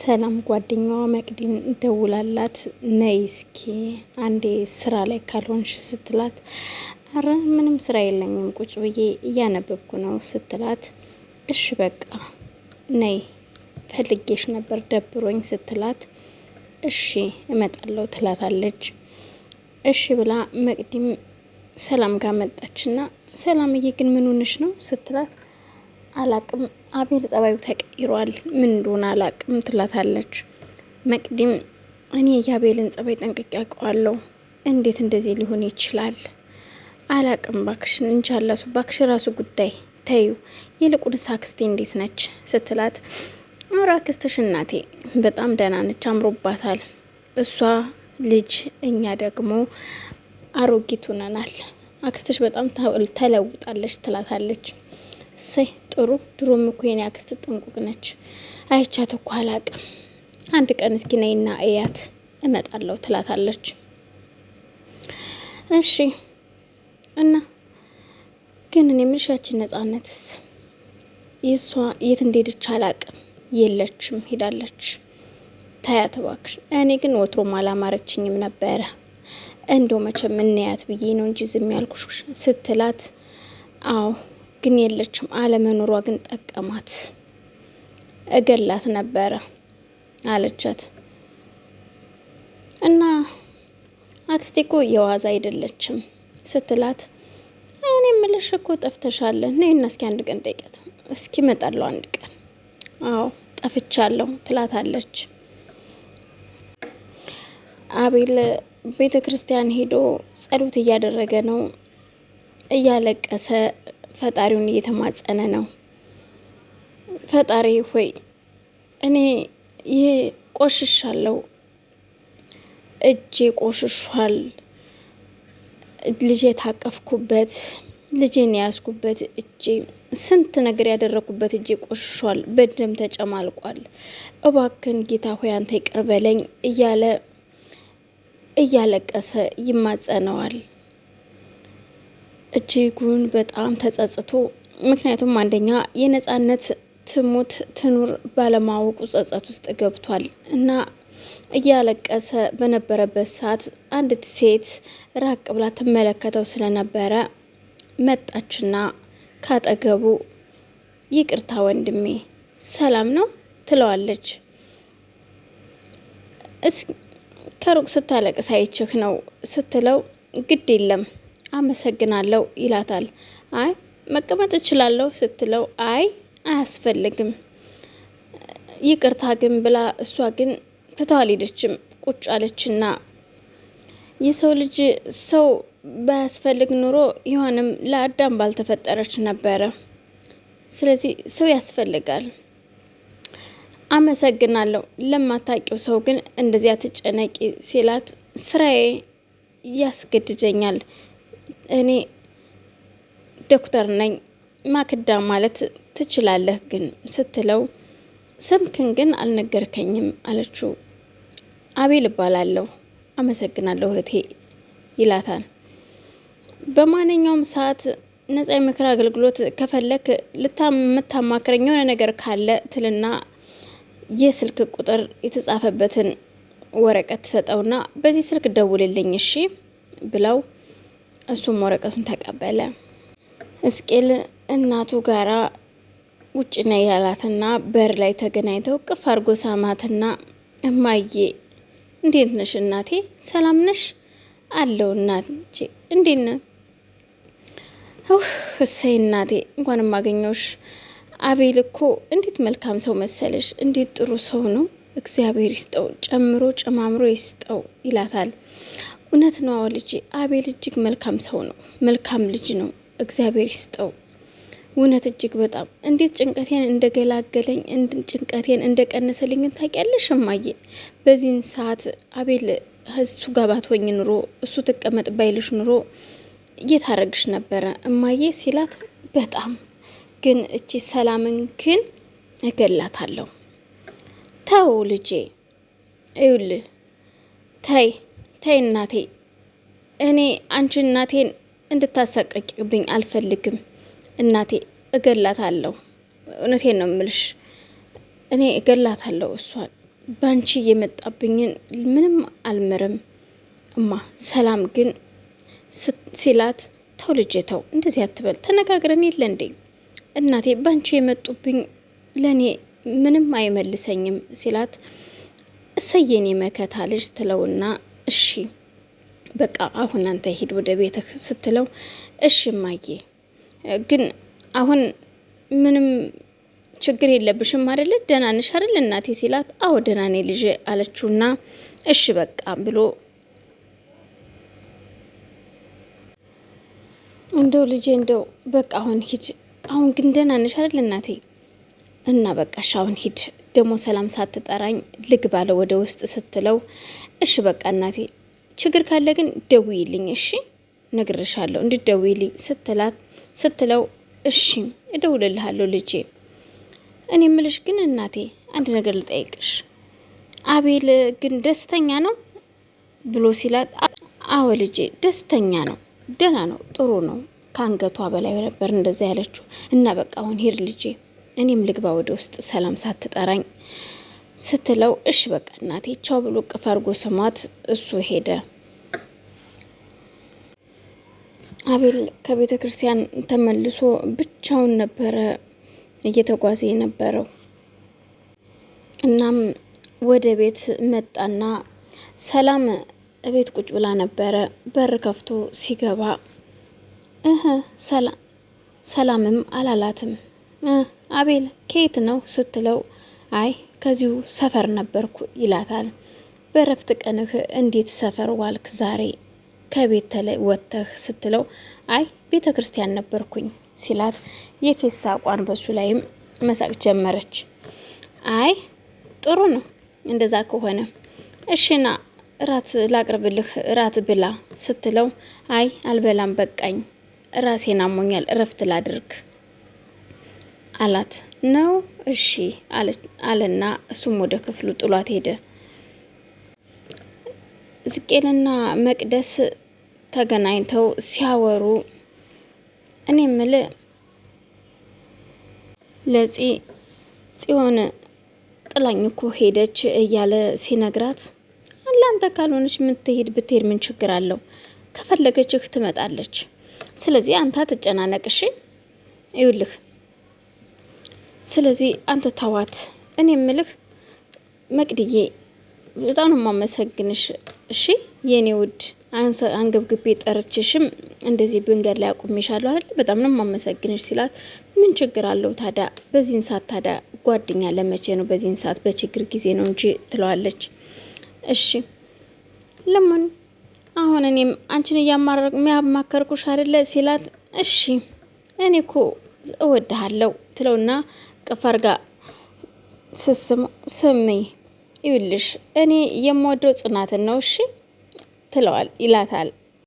ሰላም ጓደኛዋ መቅዲን ደውላላት ነይ እስኪ አንዴ ስራ ላይ ካልሆንሽ ስትላት፣ አረ ምንም ስራ የለኝም ቁጭ ብዬ እያነበብኩ ነው ስትላት፣ እሽ በቃ ነይ ፈልጌሽ ነበር ደብሮኝ ስትላት፣ እሺ እመጣለሁ ትላታለች። እሺ ብላ መቅዲም ሰላም ጋር መጣችና ሰላምዬ ግን ምን ሆነሽ ነው ስትላት፣ አላቅም አቤል ጸባዩ ተቀይሯል፣ ምን እንደሆነ አላቅም ትላታለች። መቅዲም እኔ የአቤልን ጸባይ ጠንቅቄ አውቀዋለሁ፣ እንዴት እንደዚህ ሊሆን ይችላል? አላቅም ባክሽን እንቻላሱ ባክሽ ራሱ ጉዳይ ተዩ፣ ይልቁንስ አክስቴ እንዴት ነች ስትላት፣ አምራ አክስትሽ እናቴ በጣም ደህና ነች፣ አምሮባታል። እሷ ልጅ እኛ ደግሞ አሮጊት ሆነናል። አክስትሽ በጣም ተለውጣለች ትላታለች። ሴ ጥሩ። ድሮም እኮ የኔ አክስት ጥንቁቅ ነች፣ አይቻት እኮ አላቅም። አንድ ቀን እስኪ ነይና እያት እመጣለሁ ትላታለች። እሺ እና ግን እኔ የምልሽ ያችን ነጻነትስ የእሷ የት እንደሄደች አላቅም። የለችም ሄዳለች። ታያት እባክሽ። እኔ ግን ወትሮም አላማረችኝም ነበረ እንደው መቼም እንያት ብዬ ነው እንጂ ዝም ያልኩሽ ስትላት አዎ ግን የለችም። አለመኖሯ ግን ጠቀማት። እገላት ነበረ አለቻት እና አክስቴ እኮ የዋዛ አይደለችም ስትላት እኔ የምልሽ እኮ ጠፍተሻለ። ነይና እስኪ አንድ ቀን ጠይቀት እስኪ መጣለሁ አንድ ቀን። አዎ ጠፍቻለሁ ትላታለች። አቤል ቤተ ክርስቲያን ሄዶ ጸሎት እያደረገ ነው እያለቀሰ ፈጣሪውን እየተማጸነ ነው። ፈጣሪ ሆይ እኔ ይህ ቆሽሻለሁ፣ እጄ ቆሽሿል፣ ልጄ የታቀፍኩበት ልጄን የያዝኩበት እጄ ስንት ነገር ያደረኩበት እጄ ቆሽሿል፣ በደም ተጨማልቋል። እባክን ጌታ ሆይ አንተ ይቅር በለኝ እያለ እያለቀሰ ይማጸነዋል። እጅጉን በጣም ተጸጽቶ፣ ምክንያቱም አንደኛ የነጻነት ትሙት ትኑር ባለማወቁ ጸጸት ውስጥ ገብቷል እና እያለቀሰ በነበረበት ሰዓት አንዲት ሴት ራቅ ብላ ትመለከተው ስለነበረ መጣችና ካጠገቡ ይቅርታ ወንድሜ ሰላም ነው ትለዋለች። እስ ከሩቅ ስታለቅስ አይችህ ነው ስትለው ግድ የለም አመሰግናለሁ ይላታል። አይ መቀመጥ እችላለሁ ስትለው አይ አያስፈልግም ይቅርታ ግን ብላ እሷ ግን ትተዋልሄደችም ቁጭ አለችና የሰው ልጅ ሰው ባያስፈልግ ኑሮ ይሆንም ለአዳም ባልተፈጠረች ነበረ። ስለዚህ ሰው ያስፈልጋል። አመሰግናለሁ ለማታውቂው ሰው ግን እንደዚያ ትጨነቂ ሲላት ስራዬ ያስገድደኛል እኔ ዶክተር ነኝ ማክዳ ማለት ትችላለህ ግን ስትለው ስምክን ግን አልነገርከኝም አለችው። አቤል እባላለሁ አመሰግናለሁ እህቴ ይላታል። በማንኛውም ሰዓት ነጻ የምክር አገልግሎት ከፈለክ ልታምታማክረኝ የሆነ ነገር ካለ ትልና የስልክ ቁጥር የተጻፈበትን ወረቀት ትሰጠውና በዚህ ስልክ ደውልልኝ እሺ ብለው እሱም ወረቀቱን ተቀበለ። እስቄል እናቱ ጋራ ውጭ ነ ያላትና በር ላይ ተገናኝተው ቅፍ አርጎ ሳማትና እማዬ እንዴት ነሽ እናቴ? ሰላም ነሽ? አለው እናቼ እንዴት ነ እሰይ እናቴ እንኳን ማገኘውሽ። አቤል እኮ እንዴት መልካም ሰው መሰለሽ! እንዴት ጥሩ ሰው ነው! እግዚአብሔር ይስጠው ጨምሮ ጨማምሮ ይስጠው ይላታል። እውነት ነው ልጅ አቤል እጅግ መልካም ሰው ነው። መልካም ልጅ ነው። እግዚአብሔር ይስጠው። እውነት እጅግ በጣም እንዴት ጭንቀቴን እንደገላገለኝ ጭንቀቴን እንደቀነሰልኝን ታውቂያለሽ እማዬ። በዚህን ሰዓት አቤል እሱ ጋር ባትሆኝ ኑሮ እሱ ትቀመጥ ባይልሽ ኑሮ እየታረግሽ ነበረ እማዬ ሲላት፣ በጣም ግን እቺ ሰላምን ግን እገላታለሁ። ተው ልጄ፣ እዩል ታይ ተይ እናቴ፣ እኔ አንቺ እናቴን እንድታሰቀቂብኝ አልፈልግም። እናቴ እገላታለሁ። እውነቴን ነው ምልሽ፣ እኔ እገላታለሁ እሷን። ባንቺ የመጣብኝን ምንም አልምርም እማ። ሰላም ግን ሲላት ተው ልጄ ተው፣ እንደዚህ አትበል፣ ተነጋግረን የለ እንዴ? እናቴ ባንቺ የመጡብኝ ለእኔ ምንም አይመልሰኝም ሲላት እሰየኔ መከታ ልጅ ትለውና እሺ በቃ አሁን አንተ ሂድ ወደ ቤትህ ስትለው እሺ እማዬ፣ ግን አሁን ምንም ችግር የለብሽም አደለ ደህና ነሽ አይደል እናቴ ሲላት፣ አዎ ደህና ነኝ ልጄ አለችውና እሺ በቃ ብሎ እንደው ልጄ እንደው በቃ አሁን ሂድ። አሁን ግን ደህና ነሽ አይደል እናቴ? እና በቃ እሺ አሁን ሂድ ደግሞ ሰላም ሳትጠራኝ ባለ ወደ ውስጥ ስትለው እሺ በቃ እናቴ ችግር ካለ ግን ደውይልኝ፣ እሺ ነግርሻለሁ፣ እንድትደውይልኝ ስትላት ስትለው እሺ እደውልልሃለሁ ልጄ። እኔ ምልሽ ግን እናቴ አንድ ነገር ልጠይቅሽ፣ አቤል ግን ደስተኛ ነው ብሎ ሲላት፣ አዎ ልጄ ደስተኛ ነው፣ ደህና ነው፣ ጥሩ ነው። ከአንገቷ በላይ ነበር እንደዛ ያለችው እና በቃ አሁን ሄድ ልጄ እኔም ልግባ ወደ ውስጥ ሰላም ሳትጠራኝ ስትለው እሽ በቃ እናቴ ቻው ብሎ ቅፍ አርጎ ስሟት እሱ ሄደ። አቤል ከቤተ ክርስቲያን ተመልሶ ብቻውን ነበረ እየተጓዘ የነበረው። እናም ወደ ቤት መጣና ሰላም እቤት ቁጭ ብላ ነበረ። በር ከፍቶ ሲገባ እህ ሰላምም አላላትም አቤል ከየት ነው ስትለው አይ ከዚሁ ሰፈር ነበርኩ ይላታል። በረፍት ቀንህ እንዴት ሰፈር ዋልክ ዛሬ ከቤት ወጥተህ ስትለው አይ ቤተ ክርስቲያን ነበርኩኝ ሲላት የፌስ አቋን በሱ ላይም መሳቅ ጀመረች። አይ ጥሩ ነው እንደዛ ከሆነ እሽና እራት ላቅርብልህ እራት ብላ ስትለው አይ አልበላም በቃኝ ራሴን አሞኛል እረፍት ላድርግ አላት። ነው እሺ አለና እሱም ወደ ክፍሉ ጥሏት ሄደ። ዝቄልና መቅደስ ተገናኝተው ሲያወሩ እኔ ምል ለጺ ጽዮን ጥላኝ እኮ ሄደች እያለ ሲነግራት ለአንተ ካልሆነች የምትሄድ ብትሄድ ምን ችግር አለው? ከፈለገችህ ትመጣለች። ስለዚህ አንተ ትጨናነቅሽ ይውልህ ስለዚህ አንተ ተዋት። እኔ የምልህ መቅድዬ በጣም ነው የማመሰግንሽ። እሺ የኔ ውድ አንገብግቤ ጠርችሽም እንደዚህ ብንገድ ላይ አቁሜሻለሁ አይደል? በጣም ነው የማመሰግንሽ ሲላት ምን ችግር አለው ታዲያ በዚህን ሰዓት ታዲያ ጓደኛ ለመቼ ነው? በዚህን ሰዓት በችግር ጊዜ ነው እንጂ ትለዋለች። እሺ ለምን አሁን እኔም አንቺን እያማከርኩሽ አይደለ? ሲላት እሺ እኔ እኮ እወድሃለሁ ትለውና እቅፍ አርጋ ስስሙ ስሚ ይውልሽ እኔ የምወደው ጽናትን ነው እሺ ትለዋል ይላታል